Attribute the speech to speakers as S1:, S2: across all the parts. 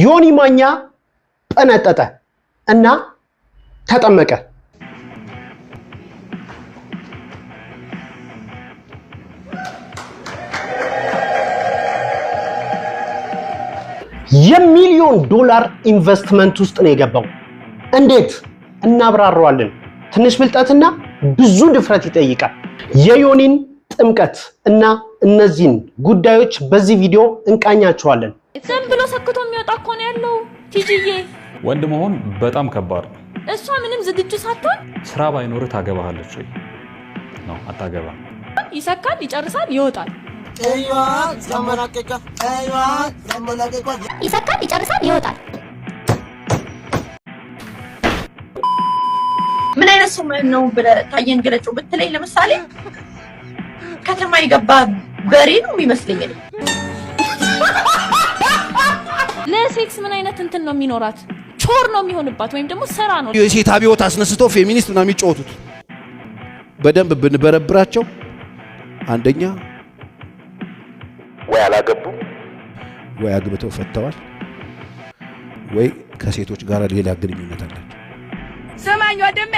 S1: ዮኒ ማኛ ጠነጠጠ እና ተጠመቀ። የሚሊዮን ዶላር ኢንቨስትመንት ውስጥ ነው የገባው። እንዴት እናብራረዋለን። ትንሽ ብልጠትና ብዙ ድፍረት ይጠይቃል። የዮኒን ጥምቀት እና እነዚህን ጉዳዮች በዚህ ቪዲዮ እንቃኛቸዋለን።
S2: ዝም ብሎ ሰክቶ የሚወጣ እኮ ነው ያለው። ቲጂዬ
S3: ወንድ መሆን በጣም ከባድ ነው።
S2: እሷ ምንም ዝግጁ ሳትሆን
S3: ስራ ባይኖር ታገባሃለች ወይ ነው? አታገባ።
S2: ይሰካል፣ ይጨርሳል፣ ይወጣል። ይሰካል፣ ይጨርሳል፣ ይወጣል። ምን አይነት ሰው ነው ብለህ ታየን ገለጨው ብትለኝ፣ ለምሳሌ ከተማ የገባ በሬ ነው የሚመስለኝ። ሴክስ ምን አይነት እንትን ነው የሚኖራት? ቾር ነው የሚሆንባት፣ ወይም ደግሞ ስራ ነው።
S1: የሴት አብዮት አስነስቶ ፌሚኒስት ምናምን የሚጫወቱት በደንብ ብንበረብራቸው፣ አንደኛ ወይ አላገቡ ወይ አግብተው ፈተዋል ወይ ከሴቶች ጋር ሌላ ግንኙነት አላቸው።
S2: ስማኝ ወንድሜ፣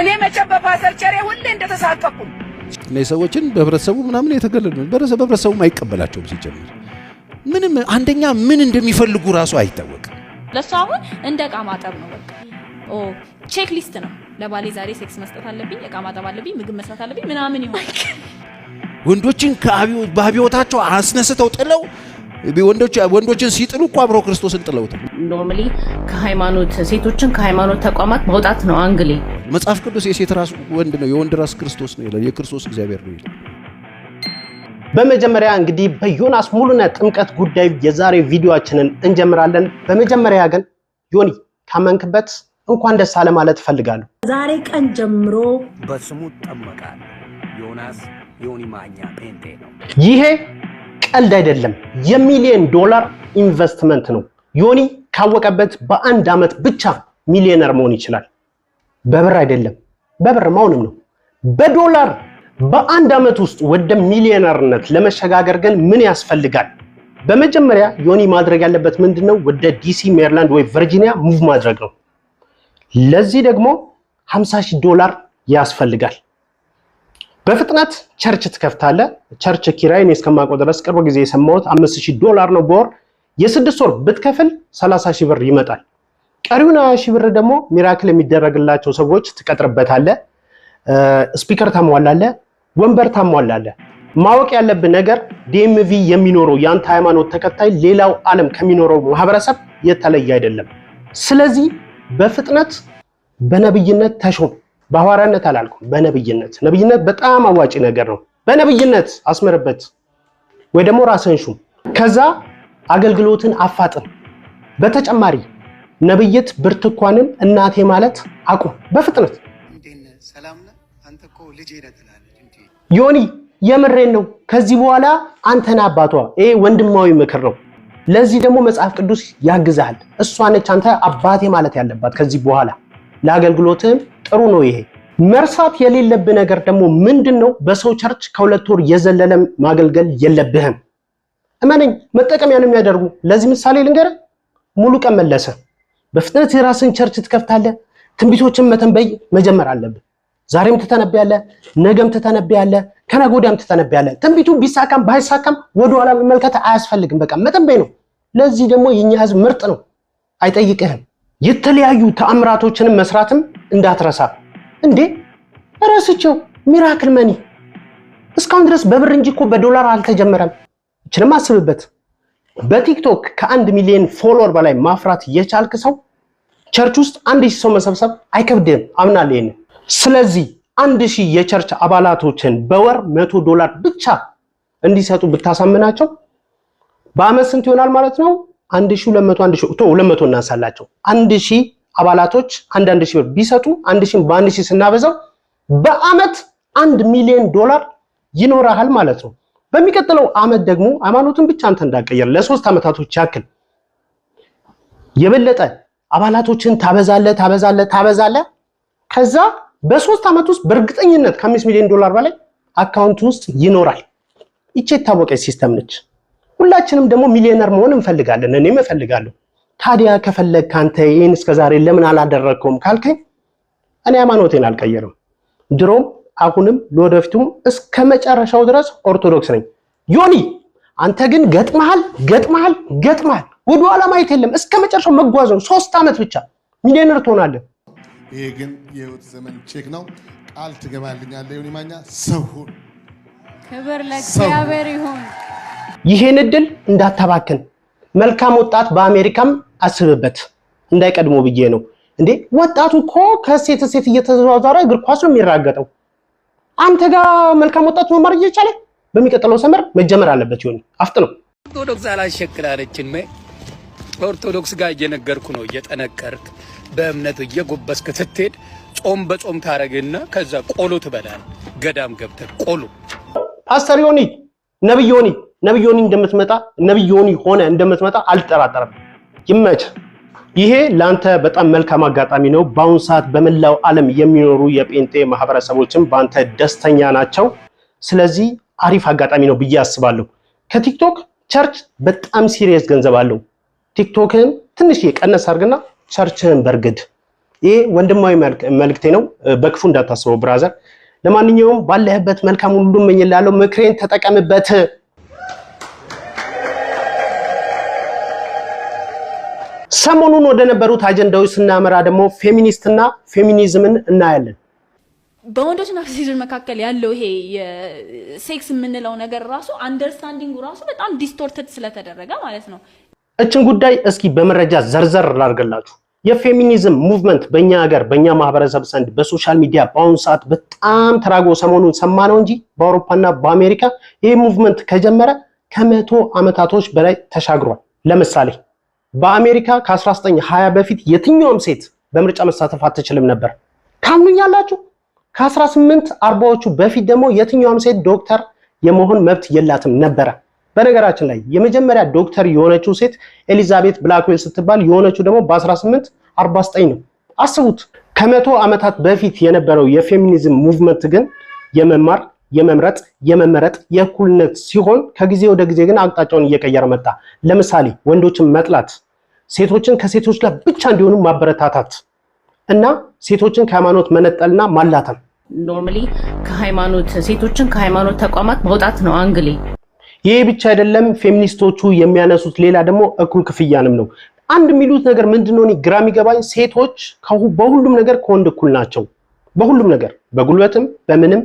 S2: እኔ መቼም ቸሬ ሁሌ እንደተሳቀቁ
S1: እኔ ሰዎችን በህብረተሰቡ ምናምን የተገለሉ በህብረተሰቡ አይቀበላቸውም ሲጀምር ምንም አንደኛ ምን እንደሚፈልጉ ራሱ አይታወቅም።
S2: ለእሱ አሁን እንደ እቃ ማጠብ ነው፣ በቃ ቼክ ሊስት ነው። ለባሌ ዛሬ ሴክስ መስጠት አለብኝ፣ እቃ ማጠብ አለብኝ፣ ምግብ መስራት አለብኝ፣ ምናምን ይሆናል።
S1: ወንዶችን በአብዮታቸው አስነስተው ጥለው ወንዶችን ሲጥሉ እኮ አብሮ ክርስቶስን ጥለውት
S4: ኖርማሊ ከሃይማኖት ሴቶችን ከሃይማኖት ተቋማት መውጣት ነው አንግሌ።
S1: መጽሐፍ ቅዱስ የሴት ራስ ወንድ ነው፣ የወንድ ራስ ክርስቶስ ነው ይላል። የክርስቶስ እግዚአብሔር ነው ይላል። በመጀመሪያ እንግዲህ በዮናስ ሙሉነ ጥምቀት ጉዳይ የዛሬ ቪዲዮአችንን እንጀምራለን። በመጀመሪያ ግን ዮኒ ካመንክበት እንኳን ደስ አለ ማለት እፈልጋለሁ።
S2: ዛሬ ቀን ጀምሮ
S5: በስሙ ጠመቃል። ዮናስ ዮኒ ማኛ ጴንጤ ነው።
S1: ይሄ ቀልድ አይደለም፣ የሚሊዮን ዶላር ኢንቨስትመንት ነው። ዮኒ ካወቀበት በአንድ ዓመት ብቻ ሚሊዮነር መሆን ይችላል። በብር አይደለም፣ በብር መሆንም ነው በዶላር በአንድ ዓመት ውስጥ ወደ ሚሊዮነርነት ለመሸጋገር ግን ምን ያስፈልጋል? በመጀመሪያ ዮኒ ማድረግ ያለበት ምንድን ነው? ወደ ዲሲ፣ ሜሪላንድ ወይ ቨርጂኒያ ሙቭ ማድረግ ነው። ለዚህ ደግሞ 50 ሺህ ዶላር ያስፈልጋል። በፍጥነት ቸርች ትከፍታለ። ቸርች ኪራይ እኔ እስከማውቀው ድረስ ቅርብ ጊዜ የሰማሁት 5000 ዶላር ነው በወር የስድስት ወር ብትከፍል 30 ሺህ ብር ይመጣል። ቀሪውን 20 ሺህ ብር ደግሞ ሚራክል የሚደረግላቸው ሰዎች ትቀጥርበታለ። ስፒከር ታሟላለህ። ወንበር ታሟላለህ። ማወቅ ያለብን ነገር ዲኤምቪ የሚኖረው የአንተ ሃይማኖት ተከታይ ሌላው ዓለም ከሚኖረው ማህበረሰብ የተለየ አይደለም። ስለዚህ በፍጥነት በነብይነት ተሾም። በሐዋርያነት አላልኩም፣ በነብይነት። ነብይነት በጣም አዋጭ ነገር ነው። በነብይነት አስመርበት ወይ ደግሞ ራስን ሹም። ከዛ አገልግሎትን አፋጥን። በተጨማሪ ነብይት ብርትኳንን እናቴ ማለት አቁም። በፍጥነት ሰላም ነህ አንተ እኮ ልጄ ነህ ዮኒ የምሬን ነው። ከዚህ በኋላ አንተና አባቷ ይሄ ወንድማዊ ምክር ነው። ለዚህ ደግሞ መጽሐፍ ቅዱስ ያግዛል። እሷ ነች አንተ አባቴ ማለት ያለባት ከዚህ በኋላ ለአገልግሎትም ጥሩ ነው። ይሄ መርሳት የሌለብህ ነገር ደግሞ ምንድን ነው? በሰው ቸርች ከሁለት ወር የዘለለ ማገልገል የለብህም። እመነኝ፣ መጠቀሚያ ነው የሚያደርጉ። ለዚህ ምሳሌ ልንገርህ። ሙሉ ቀን መለሰ በፍጥነት የራስን ቸርች ትከፍታለህ። ትንቢቶችን መተንበይ መጀመር አለብህ። ዛሬም ትተነብያለህ፣ ነገም ትተነብያለህ፣ ከነገ ወዲያም ትተነብያለህ። ትንቢቱ ቢሳካም ባይሳካም ወደኋላ መመልከት አያስፈልግም። በቃ መጠበይ ነው። ለዚህ ደግሞ የኛ ህዝብ ምርጥ ነው፣ አይጠይቅህም። የተለያዩ ተአምራቶችንም መስራትም እንዳትረሳ እንዴ። ረስቸው ሚራክል መኒ እስካሁን ድረስ በብር እንጂ እኮ በዶላር አልተጀመረም። እችንም አስብበት። በቲክቶክ ከአንድ ሚሊዮን ፎሎወር በላይ ማፍራት የቻልክ ሰው ቸርች ውስጥ አንድ ሺህ ሰው መሰብሰብ አይከብድም። አምናለሁ ይህንን ስለዚህ አንድ ሺህ የቸርች አባላቶችን በወር መቶ ዶላር ብቻ እንዲሰጡ ብታሳምናቸው በአመት ስንት ይሆናል ማለት ነው? አንድ ሺህ ሁለት መቶ አንድ ሺህ ሁለት መቶ እናንሳላቸው አንድ ሺህ አባላቶች አንድ አንድ ሺህ ብር ቢሰጡ አንድ ሺህ በአንድ ሺህ ስናበዛው በአመት አንድ ሚሊዮን ዶላር ይኖርሃል ማለት ነው። በሚቀጥለው አመት ደግሞ ሃይማኖትን ብቻ አንተ እንዳቀየር ለሶስት አመታቶች ያክል የበለጠ አባላቶችን ታበዛለ ታበዛለ ታበዛለ ከዛ በሶስት ዓመት ውስጥ በእርግጠኝነት ከአምስት ሚሊዮን ዶላር በላይ አካውንት ውስጥ ይኖራል። ይቺ የታወቀች ሲስተም ነች። ሁላችንም ደግሞ ሚሊዮነር መሆን እንፈልጋለን፣ እኔም እፈልጋለሁ። ታዲያ ከፈለግ ከአንተ ይህን እስከዛሬ ለምን አላደረግከውም ካልከኝ እኔ ሃይማኖቴን አልቀየርም። ድሮም አሁንም ለወደፊቱም እስከ መጨረሻው ድረስ ኦርቶዶክስ ነኝ። ዮኒ አንተ ግን ገጥመሃል፣ ገጥመሃል፣ ገጥመሃል። ወደኋላ ማየት የለም። እስከ መጨረሻው መጓዝ ነው። ሶስት ዓመት ብቻ ሚሊዮነር ትሆናለህ።
S6: ይሄ ግን የህይወት ዘመን ቼክ ነው። ቃል ትገባልኛለህ ዮኒ ማኛ ሰው ሁን።
S2: ክብር ለእግዚአብሔር ይሁን።
S1: ይሄን እድል እንዳታባክን። መልካም ወጣት በአሜሪካም አስብበት። እንዳይቀድሞ ብዬ ነው። እንዴ ወጣቱ እኮ ከሴት ሴት እየተዘዋዘረ እግር ኳሱ የሚራገጠው። አንተ ጋር መልካም ወጣት መማር እየቻለ በሚቀጥለው ሰመር መጀመር አለበት። ይሆን አፍጥ ነው ኦርቶዶክስ
S7: አላሸክላለችን ከኦርቶዶክስ ጋር እየነገርኩ ነው። እየጠነቀርክ በእምነት እየጎበስክ ስትሄድ ጾም በጾም ታደረግና ከዛ ቆሎ ትበላል። ገዳም ገብተህ ቆሎ
S1: ፓስተር ዮኒ ነብይ ዮኒ ነብይ ዮኒ እንደምትመጣ ነብይ ዮኒ ሆነ እንደምትመጣ አልጠራጠርም። ይመች። ይሄ ለአንተ በጣም መልካም አጋጣሚ ነው። በአሁኑ ሰዓት በመላው ዓለም የሚኖሩ የጴንጤ ማህበረሰቦችም በአንተ ደስተኛ ናቸው። ስለዚህ አሪፍ አጋጣሚ ነው ብዬ አስባለሁ። ከቲክቶክ ቸርች በጣም ሲሪየስ ገንዘብ አለው። ቲክቶክህን ትንሽ የቀነስ አድርግና ቸርችህን በርግድ። ይሄ ወንድማዊ መልክቴ ነው። በክፉ እንዳታስበው ብራዘር። ለማንኛውም ባለህበት መልካም ሁሉ እመኝልሃለሁ። ምክሬን ተጠቀምበት። ሰሞኑን ወደ ነበሩት አጀንዳዎች ስናመራ ደግሞ ፌሚኒስትና ፌሚኒዝምን እናያለን።
S2: በወንዶችና ሴቶች መካከል ያለው ይሄ ሴክስ የምንለው ነገር ራሱ አንደርስታንዲንጉ ራሱ በጣም ዲስቶርትድ ስለተደረገ ማለት ነው
S1: እችን ጉዳይ እስኪ በመረጃ ዘርዘር ላድርግላችሁ። የፌሚኒዝም ሙቭመንት በእኛ ሀገር በእኛ ማህበረሰብ ዘንድ በሶሻል ሚዲያ በአሁኑ ሰዓት በጣም ተራጎ ሰሞኑን ሰማ ነው እንጂ በአውሮፓና በአሜሪካ ይህ ሙቭመንት ከጀመረ ከመቶ ዓመታቶች በላይ ተሻግሯል። ለምሳሌ በአሜሪካ ከ1920 በፊት የትኛውም ሴት በምርጫ መሳተፍ አትችልም ነበር። ታምኑኛላችሁ? ከ1840ዎቹ በፊት ደግሞ የትኛውም ሴት ዶክተር የመሆን መብት የላትም ነበረ። በነገራችን ላይ የመጀመሪያ ዶክተር የሆነችው ሴት ኤሊዛቤት ብላክዌል ስትባል የሆነችው ደግሞ በ1849 ነው። አስቡት። ከመቶ ዓመታት በፊት የነበረው የፌሚኒዝም ሙቭመንት ግን የመማር የመምረጥ የመመረጥ የእኩልነት ሲሆን ከጊዜ ወደ ጊዜ ግን አቅጣጫውን እየቀየረ መጣ። ለምሳሌ ወንዶችን መጥላት፣ ሴቶችን ከሴቶች ጋር ብቻ እንዲሆኑ ማበረታታት እና ሴቶችን ከሃይማኖት መነጠልና ማላተም
S4: ኖርማሊ ከሃይማኖት ሴቶችን ከሃይማኖት ተቋማት መውጣት ነው አንግሌ
S1: ይሄ ብቻ አይደለም። ፌሚኒስቶቹ የሚያነሱት ሌላ ደግሞ እኩል ክፍያንም ነው። አንድ የሚሉት ነገር ምንድነው? እኔ ግራ የሚገባኝ ሴቶች በሁሉም ነገር ከወንድ እኩል ናቸው፣ በሁሉም ነገር በጉልበትም በምንም።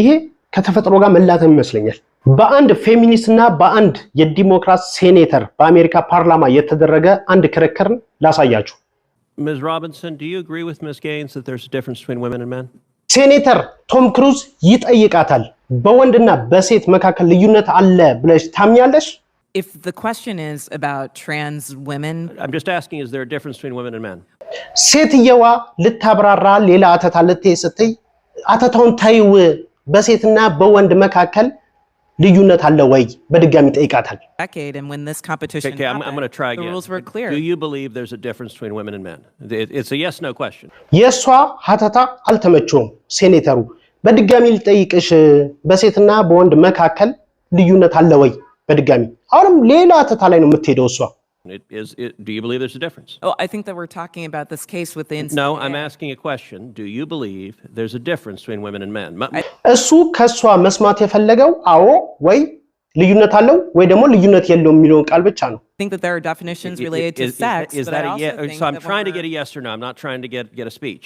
S1: ይሄ ከተፈጥሮ ጋር መላተም ይመስለኛል። በአንድ ፌሚኒስት እና በአንድ የዲሞክራት ሴኔተር በአሜሪካ ፓርላማ የተደረገ አንድ ክርክርን ላሳያችሁ። ሴኔተር ቶም ክሩዝ ይጠይቃታል። በወንድና በሴት መካከል ልዩነት አለ ብለሽ ታምኛለሽ? ሴትየዋ ልታብራራ ሌላ አተታ ልትይ ስትይ አተታውን ታይው በሴትና በወንድ መካከል ልዩነት አለ ወይ? በድጋሚ ጠይቃታል። የእሷ ሀተታ አልተመቸውም። ሴኔተሩ በድጋሚ ልጠይቅሽ፣ በሴትና በወንድ መካከል ልዩነት አለ ወይ? በድጋሚ አሁንም ሌላ ሀተታ ላይ ነው የምትሄደው እሷ
S8: It is, it, do you believe there's a difference?
S9: Oh, I think that we're talking about this case with the
S8: incident. No, I'm asking a question. Do you believe there's a difference between women and men?
S1: እሱ ከሷ መስማት የፈለገው አዎ ወይ ልዩነት አለው ወይ ደግሞ ልዩነት የለውም የሚለውን ቃል ብቻ ነው።
S9: I think that there are definitions related to sex,
S8: is but I that a also ye- think So I'm trying to get a yes or no. I'm not trying to get, get a speech.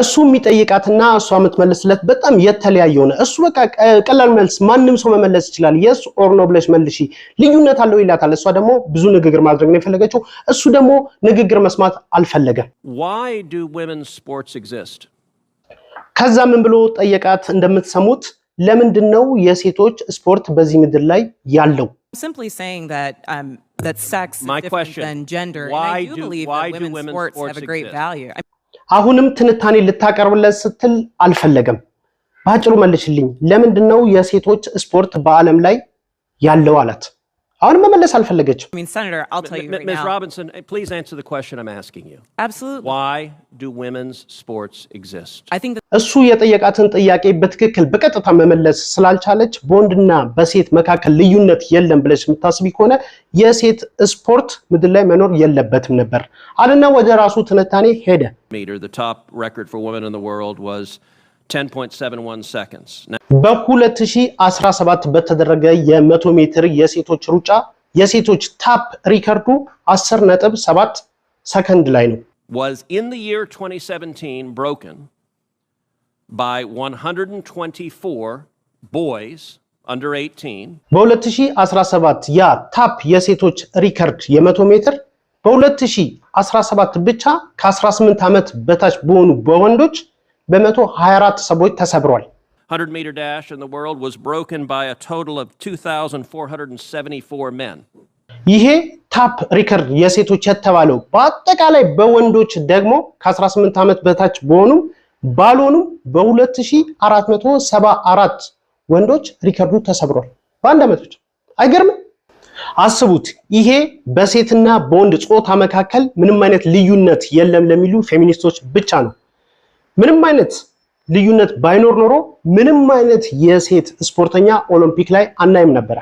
S1: እሱ የሚጠይቃትና እሷ የምትመልስለት በጣም የተለያየ ሆነ። እሱ በቃ ቀላል መልስ ማንም ሰው መመለስ ይችላል። የስ ኦር ኖ ብለሽ መልሺ፣ ልዩነት አለው ይላታል። እሷ ደግሞ ብዙ ንግግር ማድረግ ነው የፈለገችው። እሱ ደግሞ ንግግር መስማት አልፈለገም። ከዛ ምን ብሎ ጠየቃት? እንደምትሰሙት ለምንድን ነው የሴቶች ስፖርት በዚህ ምድር ላይ ያለው? አሁንም ትንታኔ ልታቀርብለት ስትል አልፈለገም። በአጭሩ መልሽልኝ፣ ለምንድን ነው የሴቶች ስፖርት በዓለም ላይ ያለው አላት። አሁን መመለስ አልፈለገችም። eh, እሱ የጠየቃትን ጥያቄ በትክክል በቀጥታ መመለስ ስላልቻለች በወንድና በሴት መካከል ልዩነት የለም ብለች የምታስቢ ከሆነ የሴት ስፖርት ምድር ላይ መኖር የለበትም ነበር አለና ወደ ራሱ ትንታኔ ሄደ። በ2017 በተደረገ የ100 ሜትር የሴቶች ሩጫ የሴቶች ታፕ ሪከርዱ 10.7 ሰከንድ ላይ ነው።
S8: was in the year 2017 broken by 124 boys under 18
S1: በ2017 ያ ታፕ የሴቶች ሪከርድ የ100 ሜትር በ2017 ብቻ ከ18 ዓመት በታች በሆኑ በወንዶች በመቶ 24 ሰዎች ተሰብሯል።
S8: 100 meter dash in the world was broken by a total of 2474 men.
S1: ይሄ ታፕ ሪከርድ የሴቶች የተባለው በአጠቃላይ በወንዶች ደግሞ ከ18 ዓመት በታች በሆኑም ባልሆኑም በ2474 ወንዶች ሪከርዱ ተሰብሯል በአንድ ዓመት ብቻ። አስቡት። ይሄ በሴትና በወንድ ጾታ መካከል ምንም አይነት ልዩነት የለም ለሚሉ ፌሚኒስቶች ብቻ ነው። ምንም አይነት ልዩነት ባይኖር ኖሮ ምንም አይነት የሴት ስፖርተኛ ኦሎምፒክ ላይ አናይም ነበረ።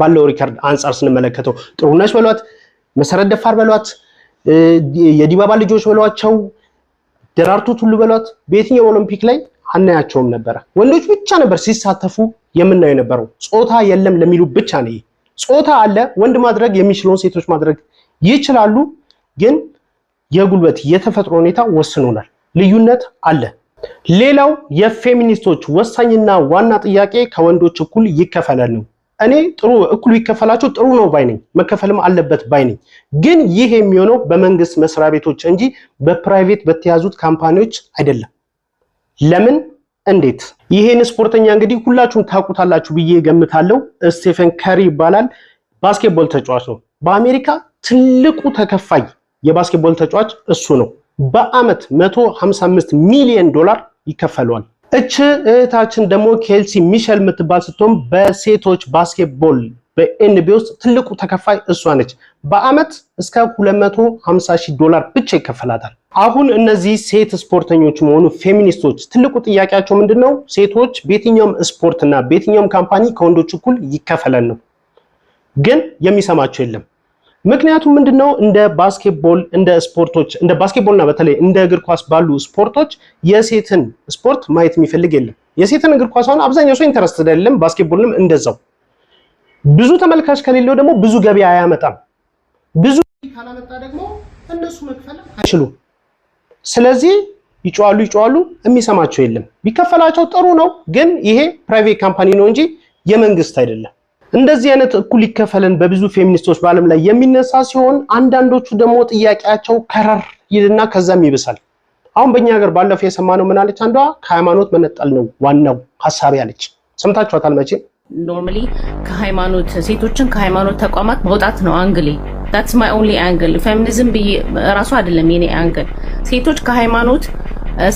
S1: ባለው ሪከርድ አንጻር ስንመለከተው ጥሩነሽ በሏት፣ መሰረት ደፋር በሏት፣ የዲባባ ልጆች በሏቸው፣ ደራርቱ ቱሉ በሏት፣ በየትኛው ኦሎምፒክ ላይ አናያቸውም ነበረ። ወንዶች ብቻ ነበር ሲሳተፉ የምናየው የነበረው። ጾታ የለም ለሚሉ ብቻ ነው። ጾታ አለ። ወንድ ማድረግ የሚችለውን ሴቶች ማድረግ ይችላሉ። ግን የጉልበት የተፈጥሮ ሁኔታ ወስኖናል። ልዩነት አለ። ሌላው የፌሚኒስቶች ወሳኝና ዋና ጥያቄ ከወንዶች እኩል ይከፈላል ነው። እኔ ጥሩ እኩል ይከፈላቸው ጥሩ ነው ባይነኝ፣ መከፈልም አለበት ባይነኝ። ግን ይህ የሚሆነው በመንግስት መስሪያ ቤቶች እንጂ በፕራይቬት በተያዙት ካምፓኒዎች አይደለም። ለምን? እንዴት? ይሄን ስፖርተኛ እንግዲህ ሁላችሁም ታውቁታላችሁ ብዬ ገምታለሁ። ስቴፈን ከሪ ይባላል። ባስኬትቦል ተጫዋች ነው። በአሜሪካ ትልቁ ተከፋይ የባስኬትቦል ተጫዋች እሱ ነው። በአመት 155 ሚሊዮን ዶላር ይከፈለዋል። እች እህታችን ደግሞ ኬልሲ ሚሸል የምትባል ስትሆን በሴቶች ባስኬትቦል በኤንቢ ውስጥ ትልቁ ተከፋይ እሷ ነች። በአመት እስከ 250 ሺህ ዶላር ብቻ ይከፈላታል። አሁን እነዚህ ሴት ስፖርተኞች መሆኑ ፌሚኒስቶች ትልቁ ጥያቄያቸው ምንድን ነው? ሴቶች በየትኛውም ስፖርትና በየትኛውም ካምፓኒ ከወንዶች እኩል ይከፈለን ነው፣ ግን የሚሰማቸው የለም። ምክንያቱም ምንድነው እንደ ባስኬትቦል እንደ ስፖርቶች እንደ ባስኬትቦልና በተለይ እንደ እግር ኳስ ባሉ ስፖርቶች የሴትን ስፖርት ማየት የሚፈልግ የለም። የሴትን እግር ኳስ አሁን አብዛኛው ሰው ኢንተረስትድ አይደለም። ባስኬትቦልንም እንደዛው ብዙ ተመልካች ከሌለው ደግሞ ብዙ ገቢ አያመጣም። ብዙ ካላመጣ ደግሞ እነሱ መክፈል አይችሉም። ስለዚህ ይጮዋሉ ይጮዋሉ፣ የሚሰማቸው የለም። ቢከፈላቸው ጥሩ ነው፣ ግን ይሄ ፕራይቬት ካምፓኒ ነው እንጂ የመንግስት አይደለም። እንደዚህ አይነት እኩል ይከፈለን በብዙ ፌሚኒስቶች በዓለም ላይ የሚነሳ ሲሆን አንዳንዶቹ ደግሞ ጥያቄያቸው ከረር ይልና ከዛም ይብሳል። አሁን በእኛ ሀገር ባለፈው የሰማነው ምን አለች? አንዷ ከሃይማኖት መነጠል ነው ዋናው ሀሳብ ያለች ሰምታችኋታል። መቼ
S4: ኖርማሊ ከሃይማኖት ሴቶችን ከሃይማኖት ተቋማት መውጣት ነው አንግሌ። ዳትስ ማይ ኦንሊ አንግል። ፌሚኒዝም ብዬ ራሱ አይደለም የኔ አንግል። ሴቶች ከሃይማኖት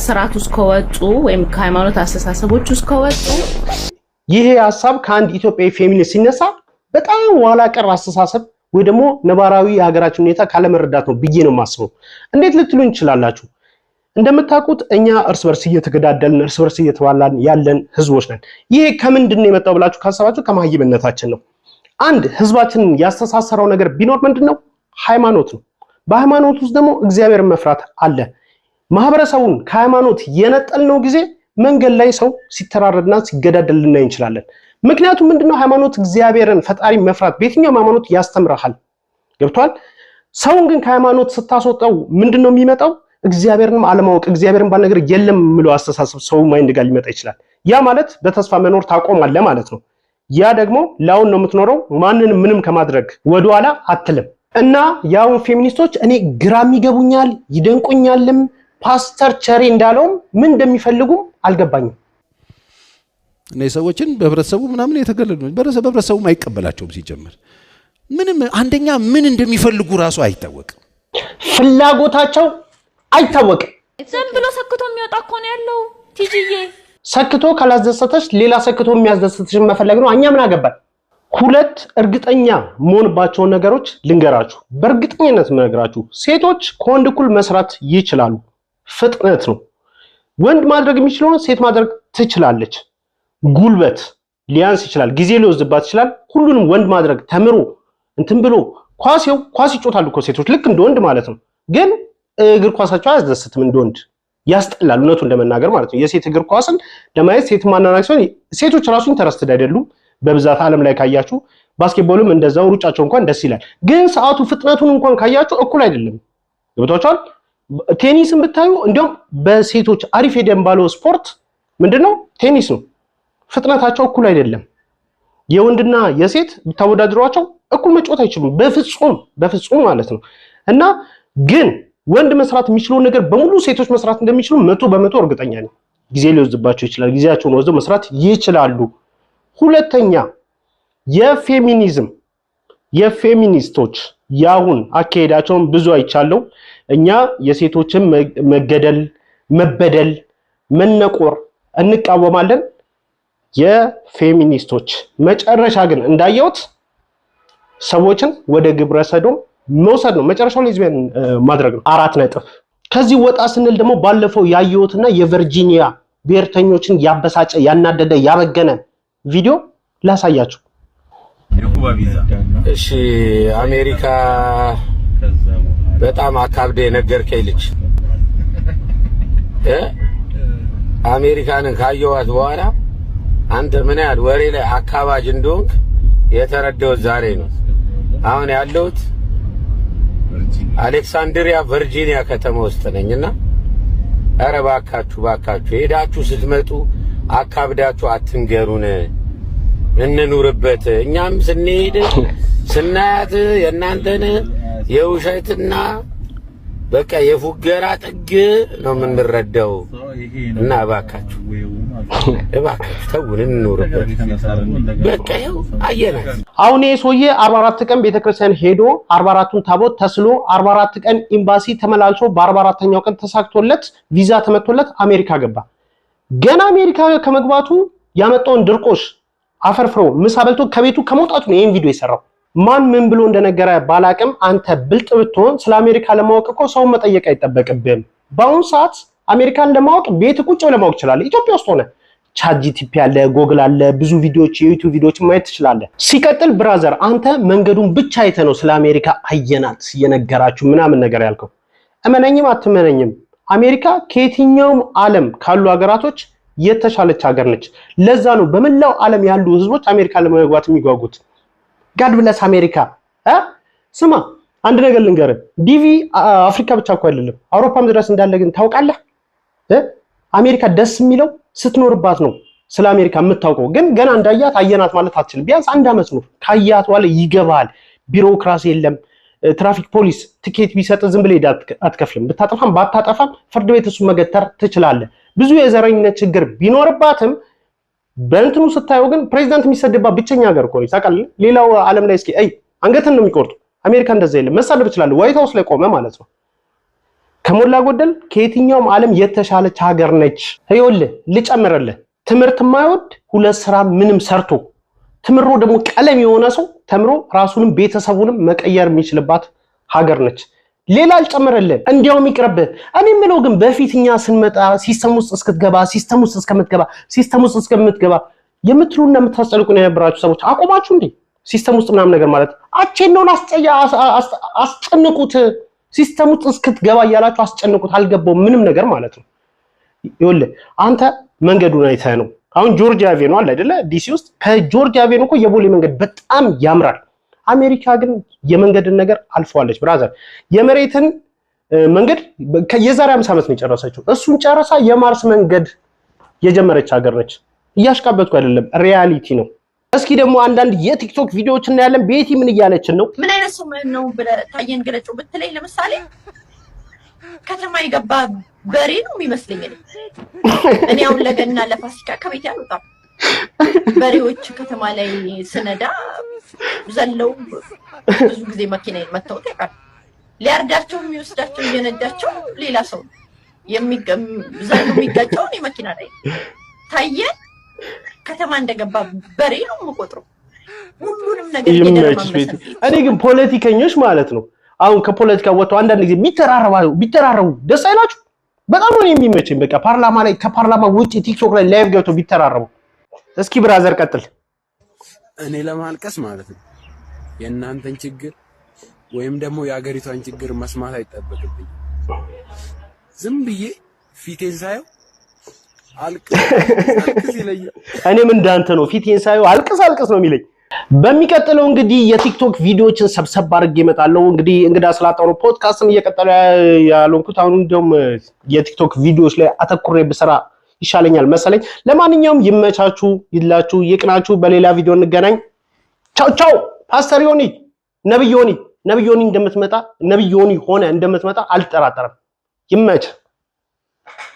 S4: ስርዓት ውስጥ ከወጡ ወይም ከሃይማኖት አስተሳሰቦች ውስጥ ከወጡ
S1: ይሄ ሀሳብ ከአንድ ኢትዮጵያዊ ፌሚኒስት ሲነሳ በጣም ኋላ ቀር አስተሳሰብ ወይ ደግሞ ነባራዊ የሀገራችን ሁኔታ ካለመረዳት ነው ብዬ ነው የማስበው። እንዴት ልትሉን እንችላላችሁ? እንደምታውቁት እኛ እርስ በርስ እየተገዳደልን እርስ በርስ እየተባላን ያለን ህዝቦች ነን። ይሄ ከምንድን ነው የመጣው ብላችሁ ካሰባችሁ ከመሀይምነታችን ነው። አንድ ህዝባችንን ያስተሳሰረው ነገር ቢኖር ምንድን ነው? ሃይማኖት ነው። በሃይማኖት ውስጥ ደግሞ እግዚአብሔርን መፍራት አለ። ማህበረሰቡን ከሃይማኖት የነጠልነው ጊዜ መንገድ ላይ ሰው ሲተራረድና ሲገዳደል ልናይ እንችላለን። ምክንያቱም ምንድነው ሃይማኖት እግዚአብሔርን ፈጣሪ መፍራት በየትኛውም ሃይማኖት ያስተምረሃል። ገብቷል። ሰውን ግን ከሃይማኖት ስታስወጣው ምንድነው የሚመጣው? እግዚአብሔርንም አለማወቅ፣ እግዚአብሔርን ባል ነገር የለም የሚለው አስተሳሰብ ሰው ማይንድ ጋር ሊመጣ ይችላል። ያ ማለት በተስፋ መኖር ታቆማለህ ማለት ነው። ያ ደግሞ ላውን ነው የምትኖረው። ማንንም ምንም ከማድረግ ወደኋላ አትልም። እና ያውን ፌሚኒስቶች እኔ ግራም ይገቡኛል ይደንቁኛልም ፓስተር ቸሪ እንዳለውም ምን እንደሚፈልጉም አልገባኝም። እነዚህ ሰዎችን በህብረተሰቡ ምናምን የተገለሉ በህብረተሰቡ አይቀበላቸውም። ሲጀምር ምንም አንደኛ ምን እንደሚፈልጉ ራሱ አይታወቅም። ፍላጎታቸው አይታወቅም።
S2: ዝም ብሎ ሰክቶ የሚወጣ እኮ ነው ያለው። ቲጂዬ
S1: ሰክቶ ካላስደሰተች ሌላ ሰክቶ የሚያስደሰተችን መፈለግ ነው። እኛ ምን አገባል። ሁለት እርግጠኛ መሆንባቸውን ነገሮች ልንገራችሁ። በእርግጠኝነት ምነግራችሁ ሴቶች ከወንድ እኩል መስራት ይችላሉ። ፍጥነት ነው። ወንድ ማድረግ የሚችለውን ሴት ማድረግ ትችላለች። ጉልበት ሊያንስ ይችላል፣ ጊዜ ሊወስድባት ይችላል። ሁሉንም ወንድ ማድረግ ተምሮ እንትን ብሎ ኳሴው ኳስ ይጮታሉ እኮ ሴቶች ልክ እንደ ወንድ ማለት ነው። ግን እግር ኳሳቸው አያስደስትም እንደ ወንድ ያስጠላል። እውነቱን ለመናገር ማለት ነው። የሴት እግር ኳስን ለማየት ሴት ማናናቅ ሲሆን ሴቶች ራሱ ኢንተረስትድ አይደሉም በብዛት ዓለም ላይ ካያችሁ። ባስኬትቦልም እንደዛው ሩጫቸው እንኳን ደስ ይላል፣ ግን ሰዓቱ ፍጥነቱን እንኳን ካያችሁ እኩል አይደለም። ገብቷችኋል? ቴኒስን ብታዩ እንዲሁም በሴቶች አሪፍ የደንባለው ስፖርት ምንድነው? ቴኒስ ነው። ፍጥነታቸው እኩል አይደለም። የወንድና የሴት ብታወዳድሯቸው እኩል መጫወት አይችሉም። በፍጹም በፍጹም ማለት ነው። እና ግን ወንድ መስራት የሚችለውን ነገር በሙሉ ሴቶች መስራት እንደሚችሉ መቶ በመቶ እርግጠኛ ነኝ። ጊዜ ሊወስድባቸው ይችላል። ጊዜያቸውን ወስደው መስራት ይችላሉ። ሁለተኛ የፌሚኒዝም የፌሚኒስቶች የአሁን አካሄዳቸውን ብዙ አይቻለው። እኛ የሴቶችን መገደል፣ መበደል፣ መነቆር እንቃወማለን። የፌሚኒስቶች መጨረሻ ግን እንዳየሁት ሰዎችን ወደ ግብረ ሰዶም መውሰድ ነው። መጨረሻው ሌዝቢያን ማድረግ ነው። አራት ነጥብ። ከዚህ ወጣ ስንል ደግሞ ባለፈው ያየሁትና የቨርጂኒያ ብሔርተኞችን ያበሳጨ ያናደደ ያበገነ ቪዲዮ ላሳያችሁ።
S10: የኩባ ቪዛ እሺ። አሜሪካ በጣም አካብደ የነገርከኝ ልጅ እ አሜሪካንን ካየዋት በኋላ አንተ ምን ያህል ወሬ ላይ አካባጅ እንደሆንክ የተረዳሁት ዛሬ ነው። አሁን ያለሁት አሌክሳንድሪያ ቨርጂኒያ ከተማ ውስጥ ነኝ እና ኧረ ባካችሁ ባካችሁ ሄዳችሁ ስትመጡ አካብዳችሁ አትንገሩን። እንኑርበት። እኛም ስንሄድ ስናያት የእናንተን የውሸትና በቃ የፉገራ ጥግ ነው የምንረዳው። እና እባካችሁ እባካችሁ ተውን እንኑርበት። በቃ ይኸው አየናት።
S1: አሁን ይህ ሰውዬ አርባ አራት ቀን ቤተክርስቲያን ሄዶ አርባ አራቱን ታቦት ተስሎ አርባ አራት ቀን ኤምባሲ ተመላልሶ በአርባ አራተኛው ቀን ተሳክቶለት ቪዛ ተመቶለት አሜሪካ ገባ። ገና አሜሪካ ከመግባቱ ያመጣውን ድርቆስ። አፈርፍሮ ምሳ በልቶ ከቤቱ ከመውጣቱ ነው ይህን ቪዲዮ የሰራው። ማን ምን ብሎ እንደነገረ ባላቅም፣ አንተ ብልጥ ብትሆን ስለ አሜሪካ ለማወቅ እኮ ሰውን መጠየቅ አይጠበቅብህም። በአሁኑ ሰዓት አሜሪካን ለማወቅ ቤት ቁጭ ብለህ ማወቅ ትችላለህ። ኢትዮጵያ ውስጥ ሆነ ቻትጂፒቲ አለ፣ ጎግል አለ፣ ብዙ ቪዲዮዎች የዩቱብ ቪዲዮዎች ማየት ትችላለህ። ሲቀጥል ብራዘር፣ አንተ መንገዱን ብቻ አይተህ ነው ስለ አሜሪካ አየናት እየነገራችሁ ምናምን ነገር ያልከው። እመነኝም አትመነኝም አሜሪካ ከየትኛውም ዓለም ካሉ ሀገራቶች የተሻለች ሀገር ነች። ለዛ ነው በመላው ዓለም ያሉ ህዝቦች አሜሪካ ለመግባት የሚጓጉት። ጋድ ብለስ አሜሪካ። ስማ አንድ ነገር ልንገርህ፣ ዲቪ አፍሪካ ብቻ እኮ አይደለም አውሮፓም ድረስ እንዳለ ግን ታውቃለህ። አሜሪካ ደስ የሚለው ስትኖርባት ነው። ስለ አሜሪካ የምታውቀው ግን ገና እንዳያት አየናት ማለት አትችልም። ቢያንስ አንድ ዓመት ኖር፣ ካያት በኋላ ይገባል ቢሮክራሲ የለም። ትራፊክ ፖሊስ ትኬት ቢሰጥ ዝም ብለህ አትከፍልም። ብታጠፋም ባታጠፋም ፍርድ ቤት እሱ መገተር ትችላለህ። ብዙ የዘረኝነት ችግር ቢኖርባትም በእንትኑ ስታየው ግን ፕሬዚዳንት የሚሰደባ ብቸኛ ሀገር እኮ ነች። ታውቃለህ? ሌላው ዓለም ላይ እስኪ አይ አንገትን ነው የሚቆርጡ። አሜሪካ እንደዛ የለም። መሳደብ እችላለሁ፣ ዋይት ሀውስ ላይ ቆመ ማለት ነው። ከሞላ ጎደል ከየትኛውም ዓለም የተሻለች ሀገር ነች። ይኸውልህ ልጨምርልህ፣ ትምህርት የማይወድ ሁለት ስራ ምንም ሰርቶ ትምሮ ደግሞ ቀለም የሆነ ሰው ተምሮ ራሱንም ቤተሰቡንም መቀየር የሚችልባት ሀገር ነች። ሌላ አልጨመረልን፣ እንዲያውም ይቅርብህ። እኔ የምለው ግን በፊት እኛ ስንመጣ ሲስተም ውስጥ እስክትገባ ሲስተም ውስጥ እስከምትገባ ሲስተም ውስጥ እስከምትገባ የምትሉና ነው የነበራችሁ ሰዎች አቆማችሁ እንዴ? ሲስተም ውስጥ ምናምን ነገር ማለት አቼነውን አስጨንቁት፣ ሲስተም ውስጥ እስክትገባ እያላችሁ አስጨንቁት። አልገባው ምንም ነገር ማለት ነው። ይኸውልህ አንተ መንገዱን አይተህ ነው። አሁን ጆርጅ አቬኑ አለ አይደለ? ዲሲ ውስጥ ከጆርጅ አቬኑ እኮ የቦሌ መንገድ በጣም ያምራል። አሜሪካ ግን የመንገድን ነገር አልፈዋለች ብራዘር። የመሬትን መንገድ የዛሬ 50 ዓመት ነው የጨረሰችው። እሱን ጨረሳ የማርስ መንገድ የጀመረች ሀገር ነች። እያሽቃበጥኩ አይደለም፣ ሪያሊቲ ነው። እስኪ ደግሞ አንዳንድ የቲክቶክ ቪዲዮዎች እናያለን። ቤቲ ምን እያለችን ነው?
S2: ምን አይነት ሰው ነው ብለህ ታየን ገለጭ ብትለኝ ለምሳሌ ከተማ የገባ በሬ ነው የሚመስለኝ። እኔ አሁን ለገና ለፋሲካ ከቤት አልወጣም በሬዎች ከተማ ላይ ስነዳ ዘለው ብዙ ጊዜ መኪናዬን መታወት ያውቃል። ሊያርዳቸው የሚወስዳቸው እየነዳቸው ሌላ ሰው ዘሉ የሚጋጨው እኔ መኪና ላይ ታየን። ከተማ እንደገባ በሬ ነው የምቆጥረው።
S1: ሁሉንም ነገር እኔ ግን ፖለቲከኞች ማለት ነው አሁን ከፖለቲካ ወጥተው አንዳንድ ጊዜ ቢተራረቡ ደስ አይላችሁ? በጣም ነው የሚመቸኝ። በቃ ፓርላማ ላይ ከፓርላማ ውጭ ቲክቶክ ላይ ላይቭ ገብተው ቢተራረቡ እስኪ ብራዘር ቀጥል።
S10: እኔ ለማልቀስ ማለት ነው የእናንተን ችግር ወይም ደግሞ የአገሪቷን ችግር መስማት አይጠበቅብኝ። ዝም ብዬ ፊቴን ሳየው አልቅስ አልቅስ
S1: ይለኛል። እኔም እንዳንተ ነው፣ ፊቴን ሳየው አልቅስ አልቅስ ነው የሚለኝ። በሚቀጥለው እንግዲህ የቲክቶክ ቪዲዮዎችን ሰብሰብ አድርጌ እመጣለሁ። እንግዲህ እንግዳ ስላጣሁ ነው ፖድካስትም እየቀጠለ ያልሆንኩት። አሁን እንደውም የቲክቶክ ቪዲዮዎች ላይ አተኩሬ ብሰራ ይሻለኛል መሰለኝ። ለማንኛውም ይመቻችሁ፣ ይላችሁ፣ ይቅናችሁ። በሌላ ቪዲዮ እንገናኝ። ቻው ቻው። ፓስተር ዮኒ ነብይ ዮኒ ነብይ ዮኒ እንደምትመጣ ነብይ ዮኒ ሆነ እንደምትመጣ አልጠራጠርም። ይመች